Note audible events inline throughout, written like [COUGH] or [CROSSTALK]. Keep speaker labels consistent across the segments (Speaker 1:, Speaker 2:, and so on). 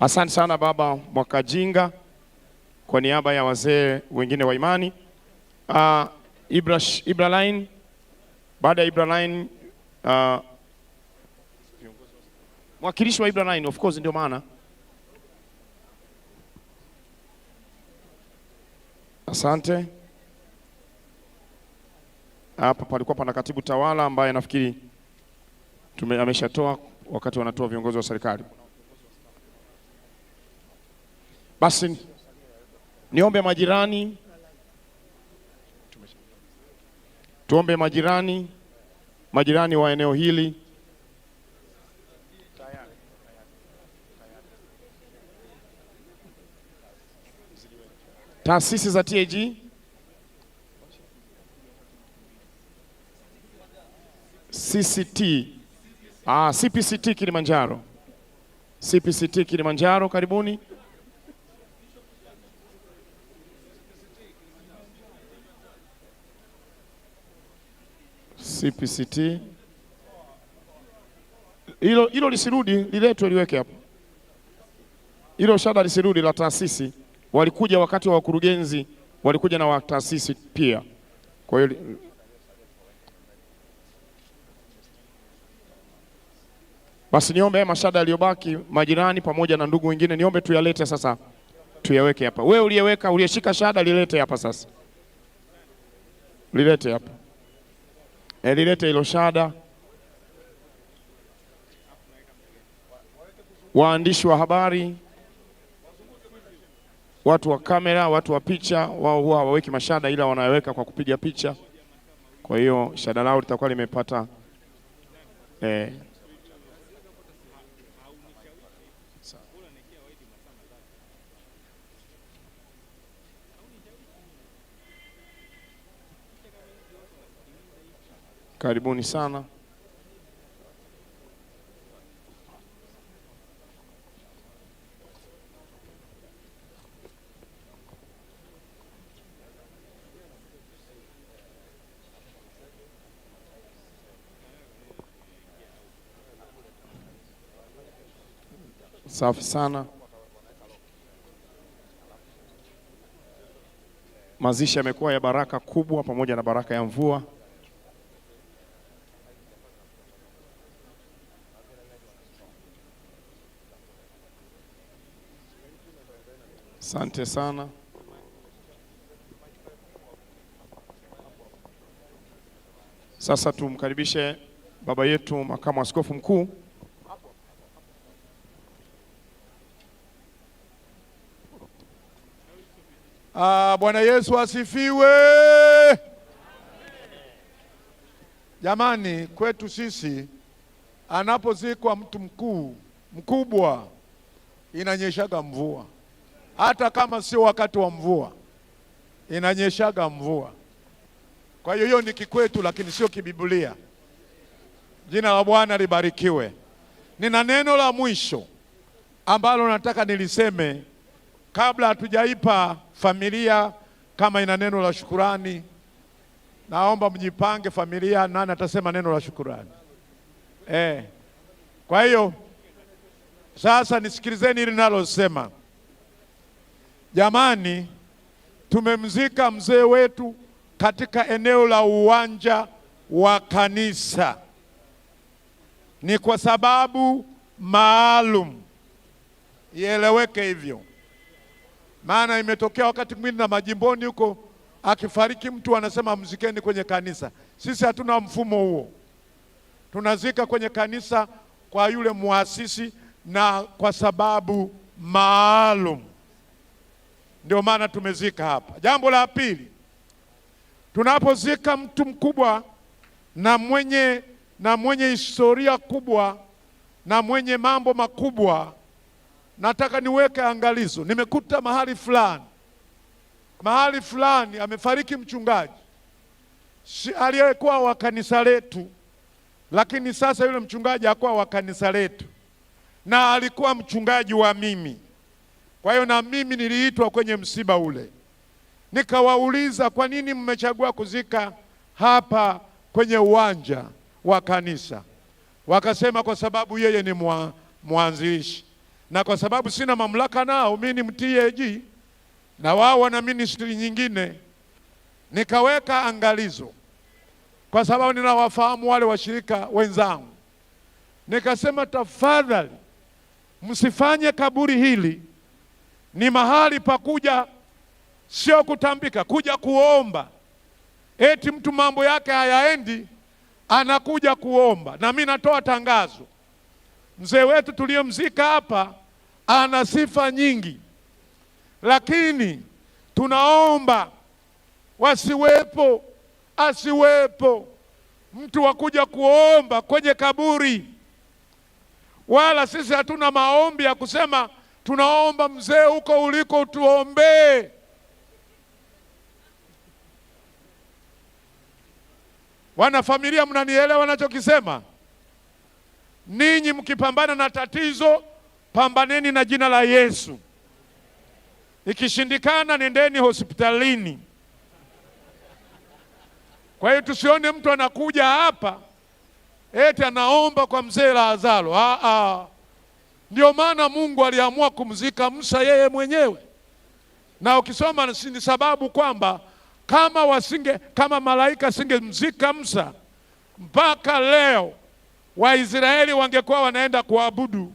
Speaker 1: Asante sana Baba Mwakajinga kwa niaba ya wazee wengine wa imani uh, ah, Ibra, Ibra Line. Baada ya Ibra Line uh, ah, mwakilishi wa Ibra Line, of course, ndio maana. Asante. Hapa palikuwa pana katibu tawala ambaye nafikiri ameshatoa wakati wanatoa viongozi wa serikali. Basi niombe majirani, tuombe majirani, majirani wa eneo hili taasisi za TAG CCT Ah, CPCT Kilimanjaro. CPCT Kilimanjaro karibuni. CPCT hilo hilo lisirudi, liletwe liweke hapo. Hilo shada lisirudi la taasisi, walikuja wakati wa wakurugenzi, walikuja na wataasisi pia, kwa hiyo Basi niombe mashada yaliyobaki majirani pamoja na ndugu wengine, niombe tuyalete sasa, tuyaweke hapa. Wewe uliyeweka uliyeshika shada lilete hapa sasa, lilete hapa e, lilete hilo shada. Waandishi wa habari, watu wa kamera, watu wa picha, wao huwa hawaweki mashada, ila wanaweka kwa kupiga picha. Kwa hiyo shada lao litakuwa limepata eh, Karibuni sana. Safi sana. Mazishi yamekuwa ya baraka kubwa pamoja na baraka ya mvua. Asante sana. Sasa tumkaribishe baba yetu makamu askofu mkuu Ah, Bwana Yesu asifiwe. Jamani, kwetu sisi anapozikwa mtu mkuu mkubwa inanyeshaga mvua hata kama sio wakati wa mvua, inanyeshaga mvua. Kwa hiyo hiyo ni kikwetu, lakini sio kibiblia. Jina la Bwana libarikiwe. Nina neno la mwisho ambalo nataka niliseme kabla hatujaipa familia. Kama ina neno la shukurani, naomba mjipange familia. Nani atasema neno la shukurani? Eh, kwa hiyo sasa nisikilizeni hili nalosema. Jamani, tumemzika mzee wetu katika eneo la uwanja wa kanisa, ni kwa sababu maalum, ieleweke hivyo. Maana imetokea wakati mwingine na majimboni huko, akifariki mtu anasema mzikeni kwenye kanisa. Sisi hatuna mfumo huo, tunazika kwenye kanisa kwa yule muasisi na kwa sababu maalum. Ndio maana tumezika hapa. Jambo la pili, tunapozika mtu mkubwa na mwenye, na mwenye historia kubwa na mwenye mambo makubwa, nataka niweke angalizo. Nimekuta mahali fulani, mahali fulani amefariki mchungaji si aliyekuwa wa kanisa letu, lakini sasa yule mchungaji hakuwa wa kanisa letu na alikuwa mchungaji wa mimi kwa hiyo na mimi niliitwa kwenye msiba ule, nikawauliza kwa nini mmechagua kuzika hapa kwenye uwanja wa kanisa? Wakasema kwa sababu yeye ni mwa, mwanzilishi na kwa sababu sina mamlaka nao, mimi ni mtag na wao wana ministri nyingine. Nikaweka angalizo, kwa sababu ninawafahamu wale washirika wenzangu, nikasema tafadhali msifanye kaburi hili ni mahali pa kuja, sio kutambika, kuja kuomba. Eti mtu mambo yake hayaendi, anakuja kuomba. Na mimi natoa tangazo, mzee wetu tuliyomzika hapa ana sifa nyingi, lakini tunaomba wasiwepo, asiwepo mtu wa kuja kuomba kwenye kaburi. Wala sisi hatuna maombi ya kusema Tunaomba mzee, huko uliko tuombee. Wanafamilia, mnanielewa nachokisema? Ninyi mkipambana na tatizo, pambaneni na jina la Yesu. Ikishindikana, nendeni hospitalini. Kwa hiyo tusione mtu anakuja hapa eti anaomba kwa mzee Lazaro. Ah ah. Ndio maana Mungu aliamua kumzika Musa yeye mwenyewe, na ukisoma ni sababu kwamba kama wasinge kama malaika singemzika Musa mpaka leo Waisraeli wangekuwa wanaenda kuabudu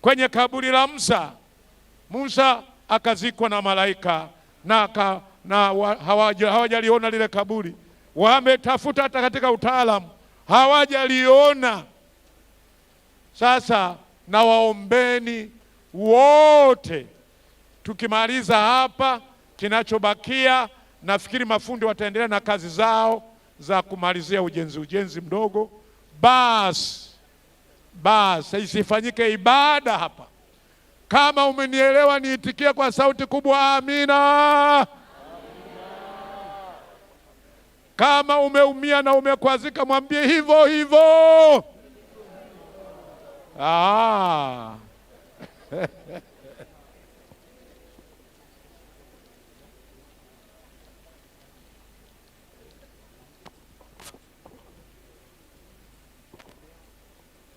Speaker 1: kwenye kaburi la Musa. Musa akazikwa na malaika na, ka, na hawajaliona lile kaburi. Wametafuta hata katika utaalamu hawajaliona. Sasa na waombeni wote. Tukimaliza hapa, kinachobakia nafikiri mafundi wataendelea na kazi zao za kumalizia ujenzi ujenzi mdogo. Basi basi isifanyike ibada hapa. Kama umenielewa, niitikie kwa sauti kubwa, amina, amina. Kama umeumia na umekwazika, mwambie hivyo hivyo. Ah.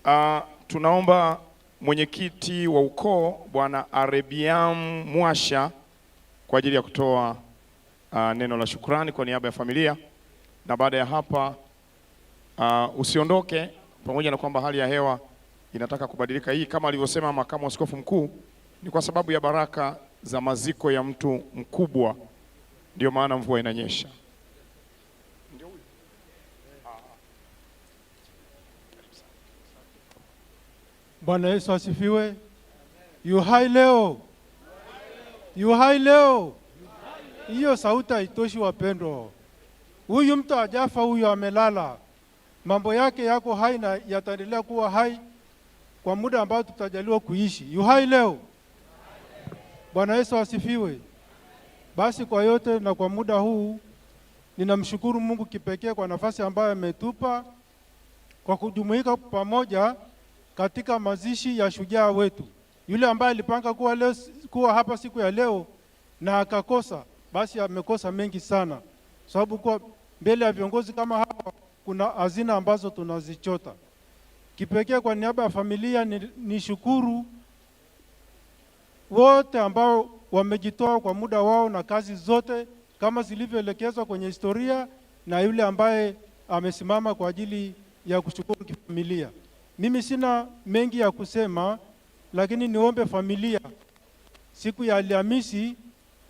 Speaker 1: Uh, [LAUGHS] tunaomba mwenyekiti wa ukoo Bwana Arebiam Mwasha kwa ajili ya kutoa uh, neno la shukrani kwa niaba ya familia, na baada ya hapa uh, usiondoke, pamoja na kwamba hali ya hewa inataka kubadilika. Hii kama alivyosema makamu askofu mkuu ni kwa sababu ya baraka za maziko ya mtu mkubwa, ndio maana mvua inanyesha. Ah, ah.
Speaker 2: Bwana Yesu asifiwe. Yu hai leo, yu hai leo. Hiyo sauti haitoshi wapendwa. Huyu mtu ajafa huyu amelala. Mambo yake yako hai na yataendelea kuwa hai kwa muda ambao tutajaliwa kuishi. Yuhai leo! Bwana Yesu asifiwe! Basi kwa yote na kwa muda huu ninamshukuru Mungu kipekee kwa nafasi ambayo ametupa kwa kujumuika pamoja katika mazishi ya shujaa wetu yule ambaye alipanga kuwa, leo, kuwa hapa siku ya leo na akakosa, basi amekosa mengi sana, sababu kwa mbele ya viongozi kama hawa kuna hazina ambazo tunazichota. Kipekee kwa niaba ya familia ni, ni shukuru wote ambao wamejitoa kwa muda wao na kazi zote kama zilivyoelekezwa kwenye historia na yule ambaye amesimama kwa ajili ya kushukuru kifamilia. Mimi sina mengi ya kusema, lakini niombe familia, siku ya Alhamisi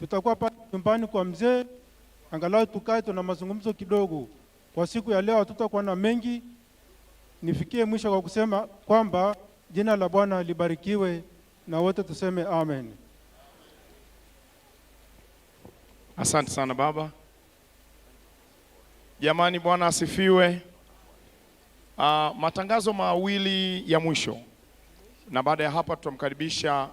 Speaker 2: tutakuwa pale nyumbani kwa mzee, angalau tukae tuna mazungumzo kidogo. Kwa siku ya leo hatutakuwa na mengi. Nifikie mwisho kwa kusema kwamba jina la Bwana libarikiwe na wote tuseme amen.
Speaker 1: Asante sana baba. Jamani, Bwana asifiwe. Uh, matangazo mawili ya mwisho na baada ya hapa tutamkaribisha